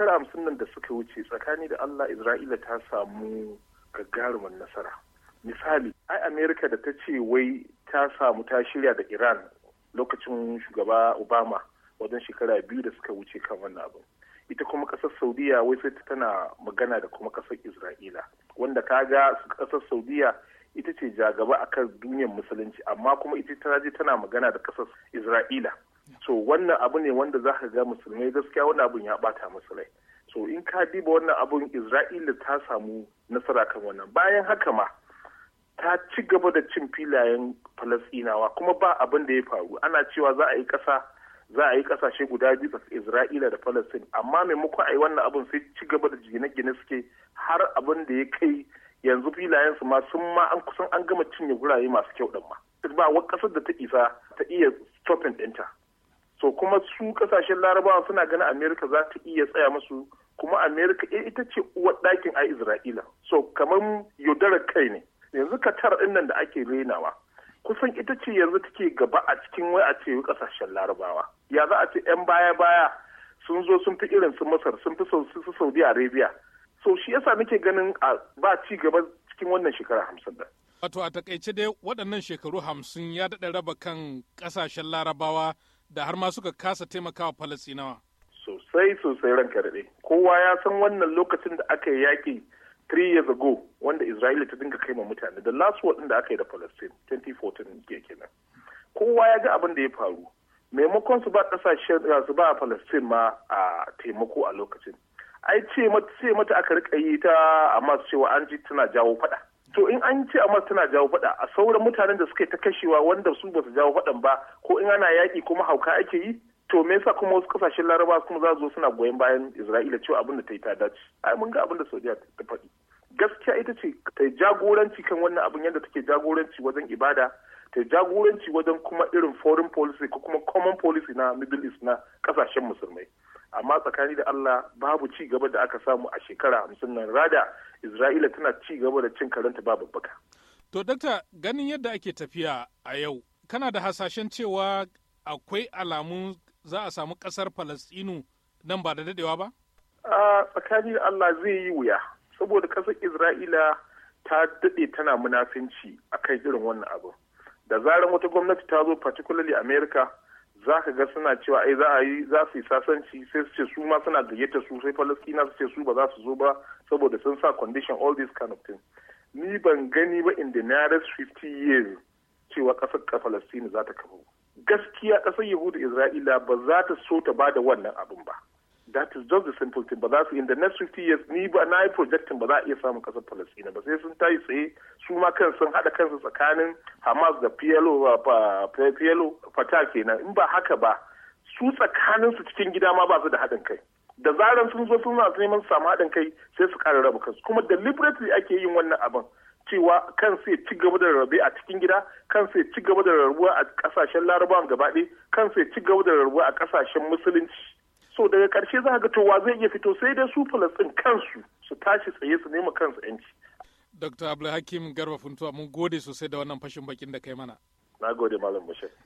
shekara hamsin nan da suka wuce tsakani da Allah Isra'ila ta samu gagarumin nasara. Misali, ai Amerika da ta ce wai ta samu ta shirya da Iran lokacin shugaba Obama wajen shekara biyu da suka wuce kan wannan abin. Ita kuma ƙasar Saudiya wai sai tana magana da kuma ƙasar Isra'ila. Wanda ka ga ƙasar Saudiya ita ce jagaba akan duniyar musulunci amma kuma ita tana je tana magana da kasar Isra'ila. so wannan abu ne wanda za ka ga musulmai gaskiya wannan abun ya bata musu rai so in ka diba wannan abun isra'ila ta samu nasara kan wannan bayan haka ma ta ci gaba da cin filayen falasinawa kuma ba abin da ya faru ana cewa za a yi kasa za a yi ƙasashe guda biyu tsakanin isra'ila da falasin amma maimakon a yi wannan abun sai ci gaba da gine-gine suke har abin da ya kai yanzu filayen su ma sun ma an kusan an gama cinye gurare masu kyau ɗin ma ba wa kasar da ta isa ta iya stopping ɗinta so kuma su kasashen larabawa suna ganin amerika za ta iya tsaya masu kuma amerika eh, ita ce uwar ɗakin a isra'ila so kamar yaudarar kai ne yanzu katar ɗin nan da ake renawa kusan ita ce yanzu take gaba a cikin wai a ce kasashen larabawa ya za a ce 'yan baya-baya sun zo sun fi irin su masar sun fi su saudi arabia so shi yasa muke ganin a ba ci gaba cikin wannan shekara hamsin da wato a takaice dai waɗannan shekaru hamsin ya daɗa raba kan ƙasashen larabawa da har ma suka kasa taimakawa Falasinawa. Sosai sosai ran daɗe. Kowa ya san wannan lokacin da aka yi yaƙi three years ago wanda israeli ta dinga kai ma mutane da last war da aka yi da Palestine 2014 ke kenan. Kowa ya ga abin da ya faru. Maimakon su ba ƙasashen eh, su ba Palestine ma a taimako a lokacin. Ai ce mata aka riƙa yi ta amma cewa an ji tana jawo faɗa. to in an ce amma tana jawo faɗa a sauran mutanen da suka yi ta kashewa wanda su ba su jawo faɗan ba ko in ana yaƙi kuma hauka ake yi to me yasa kuma wasu kasashen laraba kuma za zo suna goyon bayan isra'ila cewa abin da ta yi ta dace ai mun ga abin da saudiya ta faɗi gaskiya ita ce ta jagoranci kan wannan abin yadda take jagoranci wajen ibada ta jagoranci wajen kuma irin foreign policy ko kuma common policy na middle east na kasashen musulmai amma tsakani da Allah babu ci gaba da aka samu a shekara hamsin nan rada Isra'ila tana ci gaba da cin karanta babu baka. To dakta ganin yadda ake tafiya a yau kana da hasashen cewa akwai alamu za a samu ƙasar falasɗinu nan ba da dadewa ba? A tsakani da Allah zai yi wuya saboda ƙasar Isra'ila ta daɗe tana munafinci kai irin wannan abu. Da zarar wata gwamnati ta zo particularly America za ka ga suna cewa ai za a yi za su yi sasanci sai su ce su ma suna gayyata su sai falastina su ce su ba za su zo ba saboda sun sa condition all these kind of things ni ban gani ba in the nearest 50 years cewa ƙasar ka za ta kafa gaskiya ƙasar yahudu isra'ila ba za ta so ta ba da wannan abin ba that is just the simple thing ba za su in the next 50 years ni ba na yi projectin ba za a iya samun kasar Palestina ba sai sun tayi tsaye su ma kan sun hada kansu tsakanin Hamas da PLO PLO kenan in ba haka ba su tsakanin su cikin gida ma ba su da haɗin kai da zaran sun zo suna neman su samu haɗin kai sai su ƙara raba kansu kuma deliberately ake yin wannan abin cewa kan sai ci gaba da rarrabe a cikin gida kan sai ci gaba da rarrabuwa a ƙasashen larabawan gabaɗe kan sai ci gaba da rarrabuwa a ƙasashen musulunci so daga ƙarshe za ga to zai iya fito sai dai su falastin kansu su tashi tsaye su nema kansu yanci. Dr. Abdulhakim Garba Funtuwa mun gode sosai da wannan fashin bakin da kai mana. Na gode Malam Bashir.